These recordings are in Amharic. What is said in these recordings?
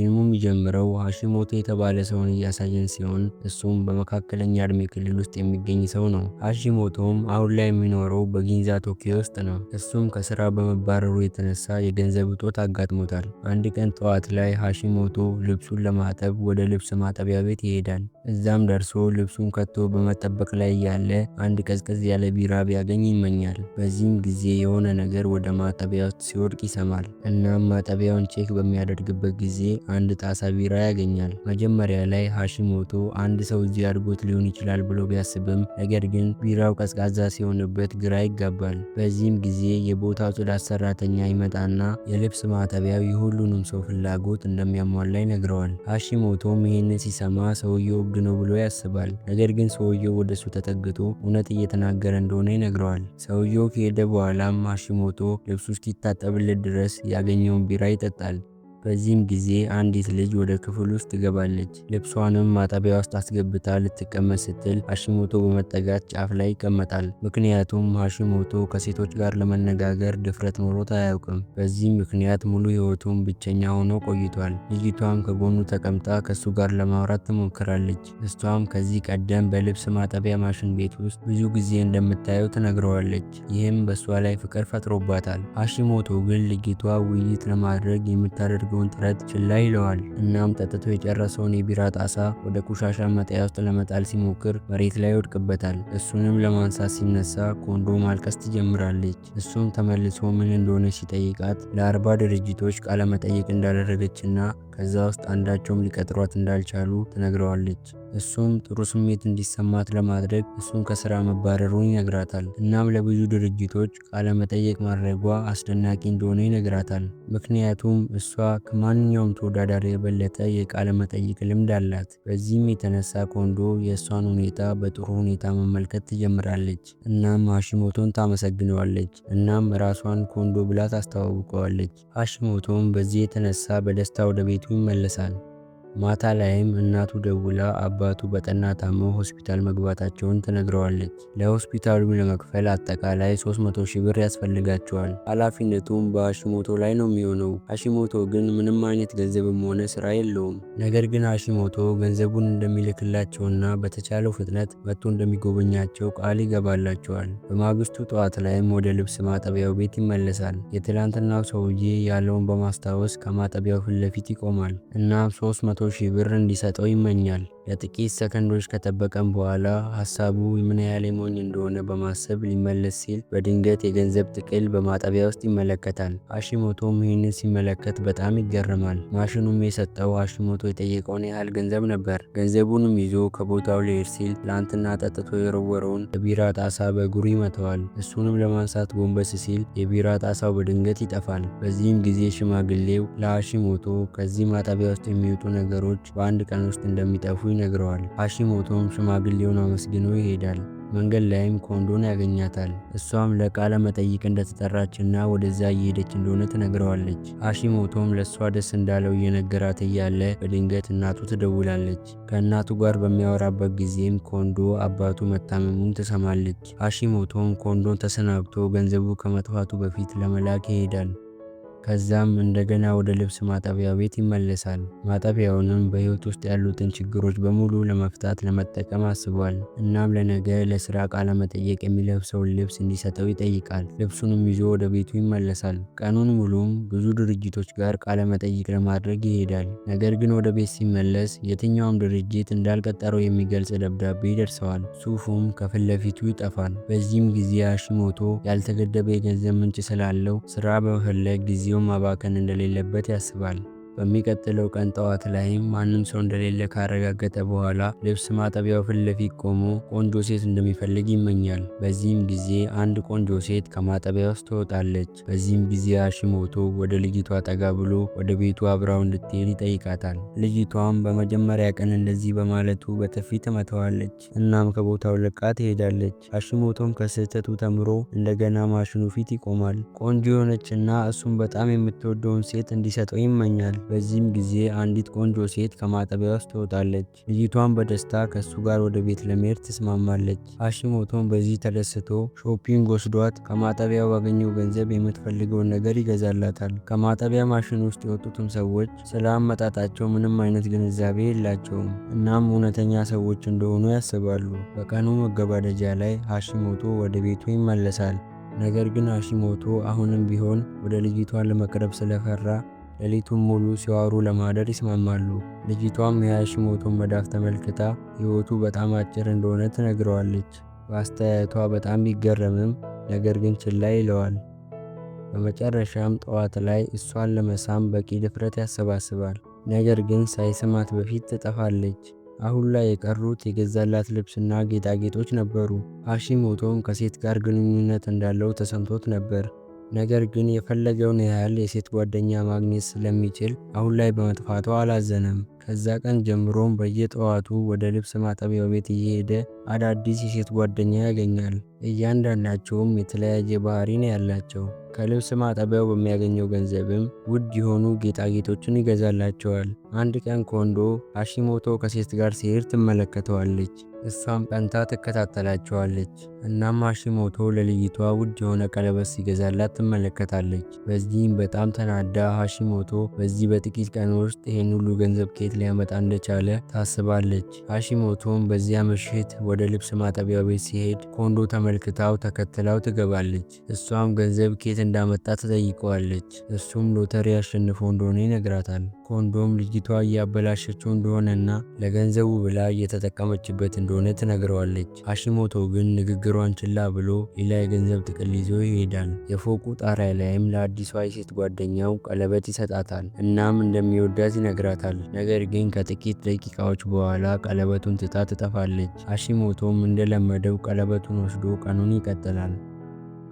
ፊልሙ የሚጀምረው ሃሺሞቶ የተባለ ሰውን እያሳየን ሲሆን እሱም በመካከለኛ እድሜ ክልል ውስጥ የሚገኝ ሰው ነው። ሃሺሞቶም አሁን ላይ የሚኖረው በጊንዛ ቶኪዮ ውስጥ ነው። እሱም ከስራ በመባረሩ የተነሳ የገንዘብ እጦት አጋጥሞታል። አንድ ቀን ጠዋት ላይ ሃሺሞቶ ልብሱን ለማጠብ ወደ ልብስ ማጠቢያ ቤት ይሄዳል። እዛም ደርሶ ልብሱን ከቶ በመጠበቅ ላይ ያለ አንድ ቀዝቀዝ ያለ ቢራ ቢያገኝ ይመኛል። በዚህም ጊዜ የሆነ ነገር ወደ ማጠቢያ ውስጥ ሲወድቅ ይሰማል። እናም ማጠቢያውን ቼክ በሚያደርግበት ጊዜ አንድ ጣሳ ቢራ ያገኛል። መጀመሪያ ላይ ሃሺሞቶ አንድ ሰው እዚህ አድጎት ሊሆን ይችላል ብሎ ቢያስብም ነገር ግን ቢራው ቀዝቃዛ ሲሆንበት ግራ ይጋባል። በዚህም ጊዜ የቦታው ጽዳት ሰራተኛ ይመጣና የልብስ ማጠቢያው የሁሉንም ሰው ፍላጎት እንደሚያሟላ ይነግረዋል። ሃሺሞቶም ይህንን ሲሰማ ሰውየው እብድ ነው ብሎ ያስባል። ነገር ግን ሰውየው ወደሱ ተጠግቶ እውነት እየተናገረ እንደሆነ ይነግረዋል። ሰውየው ከሄደ በኋላም ሃሺሞቶ ልብሱ እስኪታጠብለት ድረስ ያገኘውን ቢራ ይጠጣል። በዚህም ጊዜ አንዲት ልጅ ወደ ክፍል ውስጥ ትገባለች። ልብሷንም ማጠቢያ ውስጥ አስገብታ ልትቀመጥ ስትል ሀሺሞቶ በመጠጋት ጫፍ ላይ ይቀመጣል። ምክንያቱም ሀሺሞቶ ከሴቶች ጋር ለመነጋገር ድፍረት ኖሮት አያውቅም። በዚህ ምክንያት ሙሉ ሕይወቱም ብቸኛ ሆኖ ቆይቷል። ልጅቷም ከጎኑ ተቀምጣ ከሱ ጋር ለማውራት ትሞክራለች። እሷም ከዚህ ቀደም በልብስ ማጠቢያ ማሽን ቤት ውስጥ ብዙ ጊዜ እንደምታየው ትነግረዋለች። ይህም በእሷ ላይ ፍቅር ፈጥሮባታል። ሀሺሞቶ ግን ልጅቷ ውይይት ለማድረግ የምታደርግ የሚያደርገውን ጥረት ችላ ይለዋል። እናም ጠጥቶ የጨረሰውን የቢራ ጣሳ ወደ ቆሻሻ መጣያ ውስጥ ለመጣል ሲሞክር መሬት ላይ ይወድቅበታል። እሱንም ለማንሳት ሲነሳ ኮንዶ ማልቀስ ትጀምራለች። እሱም ተመልሶ ምን እንደሆነ ሲጠይቃት ለአርባ ድርጅቶች ቃለመጠይቅ እንዳደረገችና ከዛ ውስጥ አንዳቸውም ሊቀጥሯት እንዳልቻሉ ትነግረዋለች። እሱም ጥሩ ስሜት እንዲሰማት ለማድረግ እሱን ከስራ መባረሩን ይነግራታል። እናም ለብዙ ድርጅቶች ቃለመጠየቅ ማድረጓ አስደናቂ እንደሆነ ይነግራታል። ምክንያቱም እሷ ከማንኛውም ተወዳዳሪ የበለጠ የቃለመጠይቅ ልምድ አላት። በዚህም የተነሳ ኮንዶ የእሷን ሁኔታ በጥሩ ሁኔታ መመልከት ትጀምራለች። እናም ሃሺሞቶን ታመሰግነዋለች። እናም ራሷን ኮንዶ ብላ ታስተዋውቀዋለች። ሃሺሞቶም በዚህ የተነሳ በደስታ ወደ ቤቱ ይመለሳል። ማታ ላይም እናቱ ደውላ አባቱ በጠና ታሞ ሆስፒታል መግባታቸውን ትነግረዋለች። ለሆስፒታሉ ለመክፈል አጠቃላይ 300 ሺህ ብር ያስፈልጋቸዋል። ኃላፊነቱም በአሺሞቶ ላይ ነው የሚሆነው። አሺሞቶ ግን ምንም አይነት ገንዘብም ሆነ ስራ የለውም። ነገር ግን አሺሞቶ ገንዘቡን እንደሚልክላቸውና በተቻለው ፍጥነት መጥቶ እንደሚጎበኛቸው ቃል ይገባላቸዋል። በማግስቱ ጠዋት ላይም ወደ ልብስ ማጠቢያው ቤት ይመለሳል። የትላንትናው ሰውዬ ያለውን በማስታወስ ከማጠቢያው ፊት ለፊት ይቆማል። እናም 300 ሺህ ብር እንዲሰጠው ይመኛል ለጥቂት ሰከንዶች ከጠበቀም በኋላ ሀሳቡ ምን ያህል ሞኝ እንደሆነ በማሰብ ሊመለስ ሲል በድንገት የገንዘብ ጥቅል በማጠቢያ ውስጥ ይመለከታል። ሃሺሞቶም ይህንን ሲመለከት በጣም ይገረማል። ማሽኑም የሰጠው ሃሺሞቶ የጠየቀውን ያህል ገንዘብ ነበር። ገንዘቡንም ይዞ ከቦታው ሊሄድ ሲል ትላንትና ጠጥቶ የወረወረውን የቢራ ጣሳ በእግሩ ይመተዋል። እሱንም ለማንሳት ጎንበስ ሲል የቢራ ጣሳው በድንገት ይጠፋል። በዚህም ጊዜ ሽማግሌው ለሃሺሞቶ ከዚህ ማጠቢያ ውስጥ የሚወጡ ነገሮች በአንድ ቀን ውስጥ እንደሚጠፉ ይነግረዋል። ሃሺሞቶም ሽማግሌውን አመስግኖ ይሄዳል። መንገድ ላይም ኮንዶን ያገኛታል። እሷም ለቃለ መጠይቅ እንደተጠራችና ወደዚያ እየሄደች እንደሆነ ትነግረዋለች። ሃሺሞቶም ለእሷ ደስ እንዳለው እየነገራት እያለ በድንገት እናቱ ትደውላለች። ከእናቱ ጋር በሚያወራበት ጊዜም ኮንዶ አባቱ መታመሙን ትሰማለች። ሃሺሞቶም ኮንዶን ተሰናብቶ ገንዘቡ ከመጥፋቱ በፊት ለመላክ ይሄዳል። ከዛም እንደገና ወደ ልብስ ማጠቢያ ቤት ይመለሳል። ማጠቢያውንም በህይወት ውስጥ ያሉትን ችግሮች በሙሉ ለመፍታት ለመጠቀም አስቧል። እናም ለነገ ለስራ ቃለ መጠየቅ የሚለብሰውን ልብስ እንዲሰጠው ይጠይቃል። ልብሱንም ይዞ ወደ ቤቱ ይመለሳል። ቀኑን ሙሉም ብዙ ድርጅቶች ጋር ቃለ መጠይቅ ለማድረግ ይሄዳል። ነገር ግን ወደ ቤት ሲመለስ የትኛውም ድርጅት እንዳልቀጠረው የሚገልጽ ደብዳቤ ይደርሰዋል። ሱፉም ከፊት ለፊቱ ይጠፋል። በዚህም ጊዜ ሃሺሞቶ ያልተገደበ የገንዘብ ምንጭ ስላለው ስራ በመፈለግ ጊዜ ጊዜውን ማባከን እንደሌለበት ያስባል። በሚቀጥለው ቀን ጠዋት ላይም ማንም ሰው እንደሌለ ካረጋገጠ በኋላ ልብስ ማጠቢያው ፊት ለፊት ቆሞ ቆንጆ ሴት እንደሚፈልግ ይመኛል። በዚህም ጊዜ አንድ ቆንጆ ሴት ከማጠቢያ ውስጥ ትወጣለች። በዚህም ጊዜ ሃሺሞቶ ወደ ልጅቷ ጠጋ ብሎ ወደ ቤቱ አብራው እንድትሄድ ይጠይቃታል። ልጅቷም በመጀመሪያ ቀን እንደዚህ በማለቱ በጥፊ ትመታዋለች። እናም ከቦታው ለቃ ትሄዳለች። ሃሺሞቶም ከስህተቱ ተምሮ እንደገና ማሽኑ ፊት ይቆማል። ቆንጆ የሆነችና እሱም በጣም የምትወደውን ሴት እንዲሰጠው ይመኛል። በዚህም ጊዜ አንዲት ቆንጆ ሴት ከማጠቢያ ውስጥ ትወጣለች። ልጅቷን በደስታ ከእሱ ጋር ወደ ቤት ለመሄድ ትስማማለች። ሃሺሞቶም በዚህ ተደስቶ ሾፒንግ ወስዷት ከማጠቢያው ባገኘው ገንዘብ የምትፈልገውን ነገር ይገዛላታል። ከማጠቢያ ማሽን ውስጥ የወጡትም ሰዎች ስለ አመጣጣቸው ምንም አይነት ግንዛቤ የላቸውም። እናም እውነተኛ ሰዎች እንደሆኑ ያስባሉ። በቀኑ መገባደጃ ላይ ሃሺሞቶ ወደ ቤቱ ይመለሳል። ነገር ግን ሃሺሞቶ አሁንም ቢሆን ወደ ልጅቷን ለመቅረብ ስለፈራ ሌሊቱን ሙሉ ሲዋሩ ለማደር ይስማማሉ። ልጅቷም የሃሺሞቶን መዳፍ ተመልክታ ሕይወቱ በጣም አጭር እንደሆነ ትነግረዋለች። በአስተያየቷ በጣም ቢገረምም ነገር ግን ችላ ይለዋል። በመጨረሻም ጠዋት ላይ እሷን ለመሳም በቂ ድፍረት ያሰባስባል። ነገር ግን ሳይስማት በፊት ትጠፋለች። አሁን ላይ የቀሩት የገዛላት ልብስና ጌጣጌጦች ነበሩ። ሃሺሞቶም ከሴት ጋር ግንኙነት እንዳለው ተሰምቶት ነበር። ነገር ግን የፈለገውን ያህል የሴት ጓደኛ ማግኘት ስለሚችል አሁን ላይ በመጥፋቱ አላዘነም። ከዛ ቀን ጀምሮም በየጠዋቱ ወደ ልብስ ማጠቢያው ቤት እየሄደ አዳዲስ የሴት ጓደኛ ያገኛል። እያንዳንዳቸውም የተለያየ ባህሪ ነው ያላቸው። ከልብስ ማጠቢያው በሚያገኘው ገንዘብም ውድ የሆኑ ጌጣጌጦችን ይገዛላቸዋል። አንድ ቀን ኮንዶ ሃሺሞቶ ከሴት ጋር ሲሄድ ትመለከተዋለች። እሷም ቀንታ ትከታተላቸዋለች። እናም ሃሺሞቶ ለልይቷ ውድ የሆነ ቀለበት ሲገዛላት ትመለከታለች። በዚህም በጣም ተናዳ ሃሺሞቶ በዚህ በጥቂት ቀን ውስጥ ይህን ሁሉ ገንዘብ ከየት ሊያመጣ እንደቻለ ታስባለች። ሃሺሞቶም በዚያ ምሽት ወደ ልብስ ማጠቢያ ቤት ሲሄድ ኮንዶ ተመልክታው ተከትላው ትገባለች። እሷም ገንዘብ ከየት እንዳመጣ ትጠይቀዋለች። እሱም ሎተሪ አሸንፎ እንደሆነ ይነግራታል። ኮንዶም ልጅቷ እያበላሸችው እንደሆነና ለገንዘቡ ብላ እየተጠቀመችበት እንደሆነ ትነግረዋለች። አሽሞቶ ግን ንግግሯን ችላ ብሎ ሌላ የገንዘብ ጥቅል ይዞ ይሄዳል። የፎቁ ጣሪያ ላይም ለአዲሷ የሴት ጓደኛው ቀለበት ይሰጣታል። እናም እንደሚወዳት ይነግራታል። ነገር ግን ከጥቂት ደቂቃዎች በኋላ ቀለበቱን ትታ ትጠፋለች። አሺሞቶም እንደለመደው ቀለበቱን ወስዶ ቀኑን ይቀጥላል።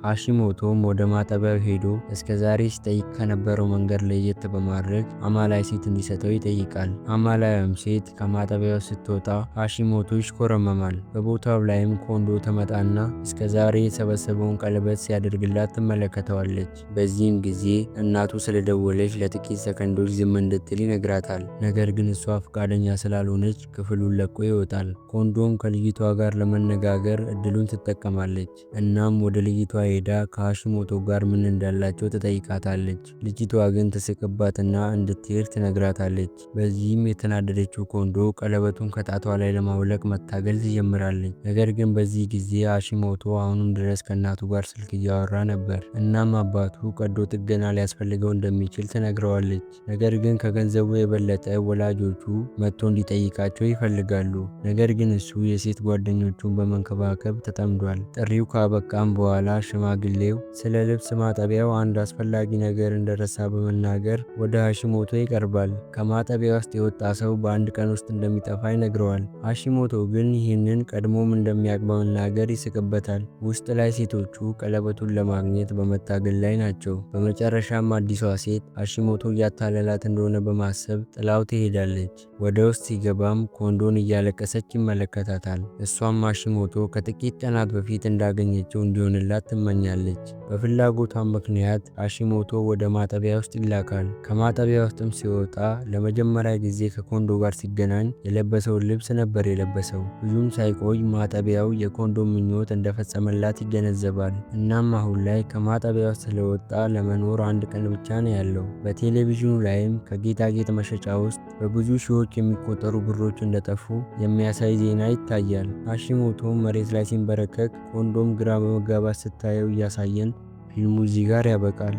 ሃሺሞቶም ወደ ማጠቢያው ሄዶ እስከ ዛሬ ሲጠይቅ ከነበረው መንገድ ለየት በማድረግ አማላይ ሴት እንዲሰጠው ይጠይቃል። አማላያም ሴት ከማጠቢያው ስትወጣ ሃሺሞቶ ይሽኮረመማል። በቦታው ላይም ኮንዶ ተመጣና እስከ ዛሬ የሰበሰበውን ቀለበት ሲያደርግላት ትመለከተዋለች። በዚህም ጊዜ እናቱ ስለደወለች ለጥቂት ሰከንዶች ዝም እንድትል ይነግራታል። ነገር ግን እሷ ፈቃደኛ ስላልሆነች ክፍሉን ለቆ ይወጣል። ኮንዶም ከልጅቷ ጋር ለመነጋገር እድሉን ትጠቀማለች። እናም ወደ ልጅቷ ሄዳ ሞቶ ጋር ምን እንዳላቸው ትጠይቃታለች። ልጅቷ ግን ትስቅባትና እንድትሄድ ትነግራታለች። በዚህም የተናደደችው ኮንዶ ቀለበቱን ከጣቷ ላይ ለማውለቅ መታገል ትጀምራለች። ነገር ግን በዚህ ጊዜ ሞቶ አሁንም ድረስ ከእናቱ ጋር ስልክ እያወራ ነበር። እናም አባቱ ቀዶ ጥገና ሊያስፈልገው እንደሚችል ትነግረዋለች። ነገር ግን ከገንዘቡ የበለጠ ወላጆቹ መጥቶ እንዲጠይቃቸው ይፈልጋሉ። ነገር ግን እሱ የሴት ጓደኞቹን በመንከባከብ ተጠምዷል። ጥሪው ካበቃም በኋላ ሽማ ሽማግሌው ስለ ልብስ ማጠቢያው አንድ አስፈላጊ ነገር እንደረሳ በመናገር ወደ ሃሺሞቶ ይቀርባል። ከማጠቢያ ውስጥ የወጣ ሰው በአንድ ቀን ውስጥ እንደሚጠፋ ይነግረዋል። ሃሺሞቶ ግን ይህንን ቀድሞም እንደሚያውቅ በመናገር ይስቅበታል። ውስጥ ላይ ሴቶቹ ቀለበቱን ለማግኘት በመታገል ላይ ናቸው። በመጨረሻም አዲሷ ሴት ሃሺሞቶ እያታለላት እንደሆነ በማሰብ ጥላው ትሄዳለች። ወደ ውስጥ ሲገባም ኮንዶን እያለቀሰች ይመለከታታል። እሷም ሃሺሞቶ ከጥቂት ቀናት በፊት እንዳገኘችው እንዲሆንላት ትመኛለች። በፍላጎቷ ምክንያት አሺሞቶ ወደ ማጠቢያ ውስጥ ይላካል። ከማጠቢያ ውስጥም ሲወጣ ለመጀመሪያ ጊዜ ከኮንዶ ጋር ሲገናኝ የለበሰው ልብስ ነበር የለበሰው። ብዙም ሳይቆይ ማጠቢያው የኮንዶ ምኞት እንደፈጸመላት ይገነዘባል። እናም አሁን ላይ ከማጠቢያ ውስጥ ስለወጣ ለመኖር አንድ ቀን ብቻ ነው ያለው። በቴሌቪዥኑ ላይም ከጌጣጌጥ መሸጫ ውስጥ በብዙ ሺዎች የሚቆጠሩ ብሮች እንደጠፉ የሚያሳይ ዜና ይታያል። አሺሞቶ መሬት ላይ ሲንበረከክ ኮንዶም ግራ በመጋባት ስታይ በቀጣዩ እያሳየን ፊልሙ እዚህ ጋር ያበቃል።